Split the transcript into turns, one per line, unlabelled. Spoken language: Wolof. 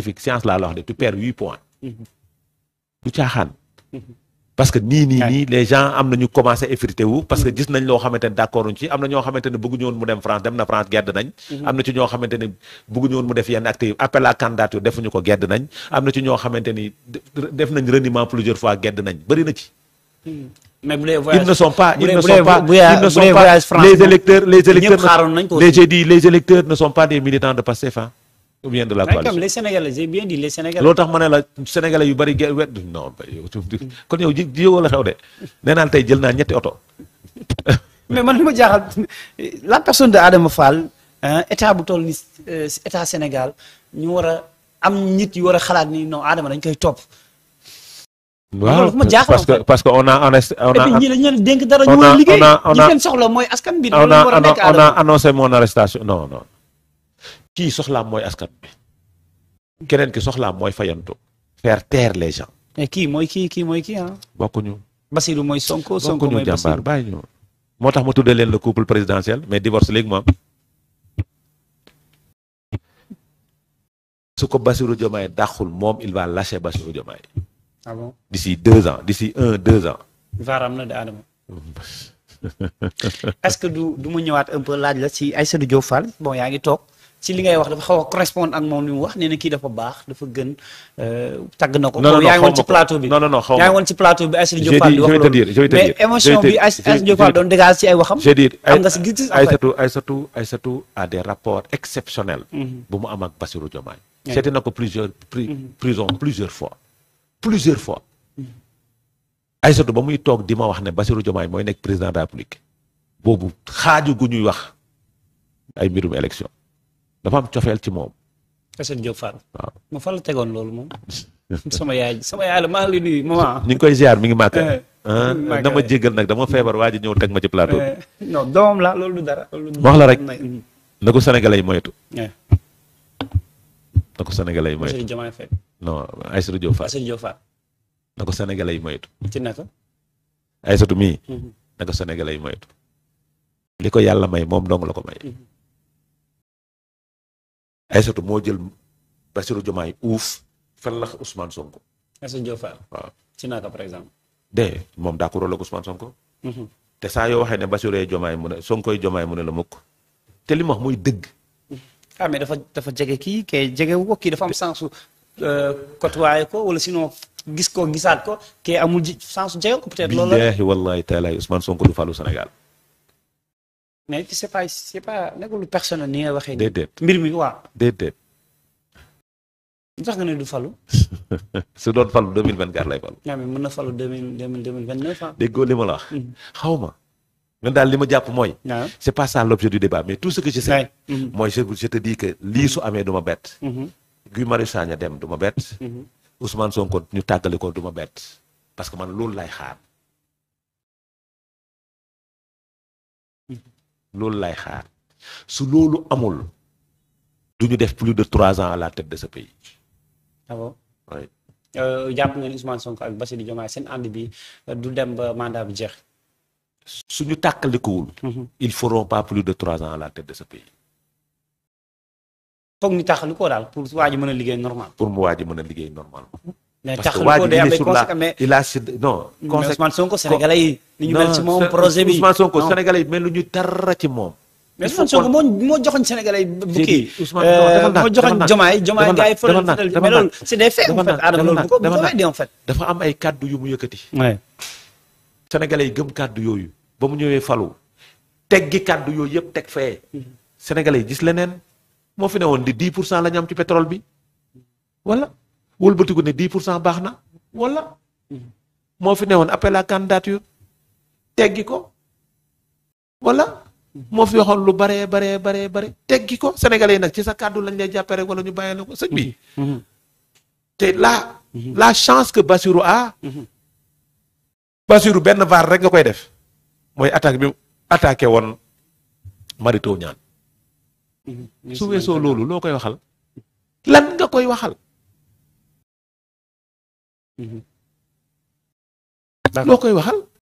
scientifique science laa la mm-hmm. du caaxaan. Mm-hmm. parce que nii nii nii les gens am na ñu commencé effrité parce que mm-hmm. gis nañ loo xamante ne d' ci am na ñoo xamante ne bëgguñu mu def yenn acte appel à candidature defuñu ko gedd nañ. am na ci ñoo xamante def nañ reniement plusieurs fois gedd nañ bëri ci.
mais ne sont pas ne sont les électeurs les
électeurs. ne sont des militants de Pastef ou de la coalition
les Sénégalais j'ai loolu tax
ma ne la Sénégalais yu bari ge wet non kon yow ji la xew de nee naan tey jël naa ñetti oto.
mais man li ma jaaxal la personne de Adama Fall état bu toll ni euh, état Sénégal ñu war a am ñit yu war a xalaat ni non Adama dañ koy topp.
waaw parce que parce que on a on a on a
on a on
a on a on arrestation non kii soxlaam mooy askan bi keneen ki soxlaam mooy fayantu faire taire les gens.
mais kii mooy kii kii mooy kii ah. bokkuñu. Basirou mooy Sonko Sonko mooy jàmbaar
bàyyi ñu moo tax ma tuddee leen le couple présidentiel mais divorce léegi moom su ko Basirou Diomaye dàqul moom il va lâcher Basirou Diomaye. ah bon deux ans d'ici un deux ans.
vaaraam na de Adama. est que du ma ñëwaat un laaj la ci Aïssatou Diop Fall bon yaa ngi toog. ci li ngay wax dafa xaw a ak moom li mu wax nee na kii dafa baax dafa gën euh, tàgg na ko. non non yaa ngi woon ci xaw woon ci plateau bi. Aïssatou Diop Fall di wax loolu mais émotion bi Aïssatou Diop Fall doon dégage ci ay am nga si gis
Aïssatou a des mhm. na ko plusieurs mhm. prison plusieurs fois plusieurs fois. Mhm. Aïssatou ba muy toog di ma wax ne Bassirou Diomaye mooy nekk président de la République boobu xaaju gu ñuy wax ay mbirum élection. dafa am cofeel ci moom.
Assane Diop Fall. waaw ma fa la tegoon loolu moom. sama yaay sama yaay la maa ngi
ngi koy ziar mi ngi màkk. Eh, na ah, ma jéggal nag dama feebar waa ji ñëw teg ma ci plateau bi.
Eh, non doomam la loolu du dara. wax la rek
na ko sénégalais yi moytu. Eh. na ko sénégalais yi moytu Bassirou Diomaye ko sénégalais yi moytu. ci naka. Aïssatou mii. Mm-hmm. na ko ko yàlla may moom dong la ko may. Mm-hmm. ay Aïssatou moo jël Bassirou Diomaye uuf
fellax Ousmane Sonko. Aïssatou Diop Fall waaw ci naka par exemple.
de moom daa ko roloog Ousmane Sonko. Mhm. te saa yoo waxee ne Bassirou Diomaye mu ne Sonkoy Diomaye mu ne la mukk te li mu wax muy dëgg.
ah dafa dafa jege kii kee jege wu ko kii dafa am sensu kotuwaaye euh, ko wala sinon gis ko gisaat ko kee amul ji sensu jege ko peut-être. loolu la billaahi
wallaahi taalaa Ousmane Sonko du falu Sénégal.
mais c'est pas c'est pas nekkul lu ni nga waxee. déedéet mbir mi waaw. déedéet. lu tax nga ne du falu.
su doon falu 2024 lay falu.
waaw mais mën na falu deux mille deux mille deux mille vingt neuf déggoo li ma la mm.
xaw ma. man daal li ma jàpp mooy. Ah. c'est pas ça l'objet du débat mais tout ce que je sais. Mm-hmm. mooy je je te dis que lii su amee du ma bett. Mm-hmm. Guy dem du ma bett. Mm-hmm. Ousmane Sonko ñu tàggale ko du ma bet parce que man loolu lay xaar. loolu laay xaar su loolu amul du ñu def plus de trois ans à la tête de ce pays. d' ah accord oui.
Euh, jàpp ngeen Ousmane Sonko ak Bassirou Diomaye seen ànd bi euh, du dem ba mandat bi jeex.
suñu tàkkalikuwul. Mhm. ils feront pas plus de trois ans à la tête de ce pays.
foog ñu tàkkalikoo daal pour waa ji mën a liggéey normal.
pour mu waa ji mën a liggéey normal. mais taxul ko day am ay conséquences il a non. conséquences Ousmane Sonko yi. li ñu mel ci moom projet bi Ousmane Sonko sénégalais yi mel lu ñu tara ci moo
moo joxoon sénégalais euh, moo joxoon jomaay jomaay gars yi fële fële mais loolu c'est des faits en fait Adama loolu bu ko bu ko weddee en
dafa am ay kàddu yu mu yëkkati. sénégalais yi gëm kàddu yooyu ba mu ñëwee falu teggi kàddu yooyu yëpp teg fee. Mhm. sénégalais yi gis leneen moo fi ne woon di 10 pour la ñu am ci pétrole bi wëlbatiku ne 10 pour cent baax na wala moo fi newoon appel à candidature teggi ko walla moo fi waxoon lu baree baree baree bare teggi ko sénégalais yi nag ci sa kàddu lañ lay jàppare rek wala ñu bàyyi la ko sëñ bi te la la chance que Bassirou a Bassirou benn baar rek nga koy def mooy attaque bi attaqué woon Mary Teuw mm-hmm. su weesoo loolu loo koy waxal mm-hmm. lan nga koy waxal loo koy waxal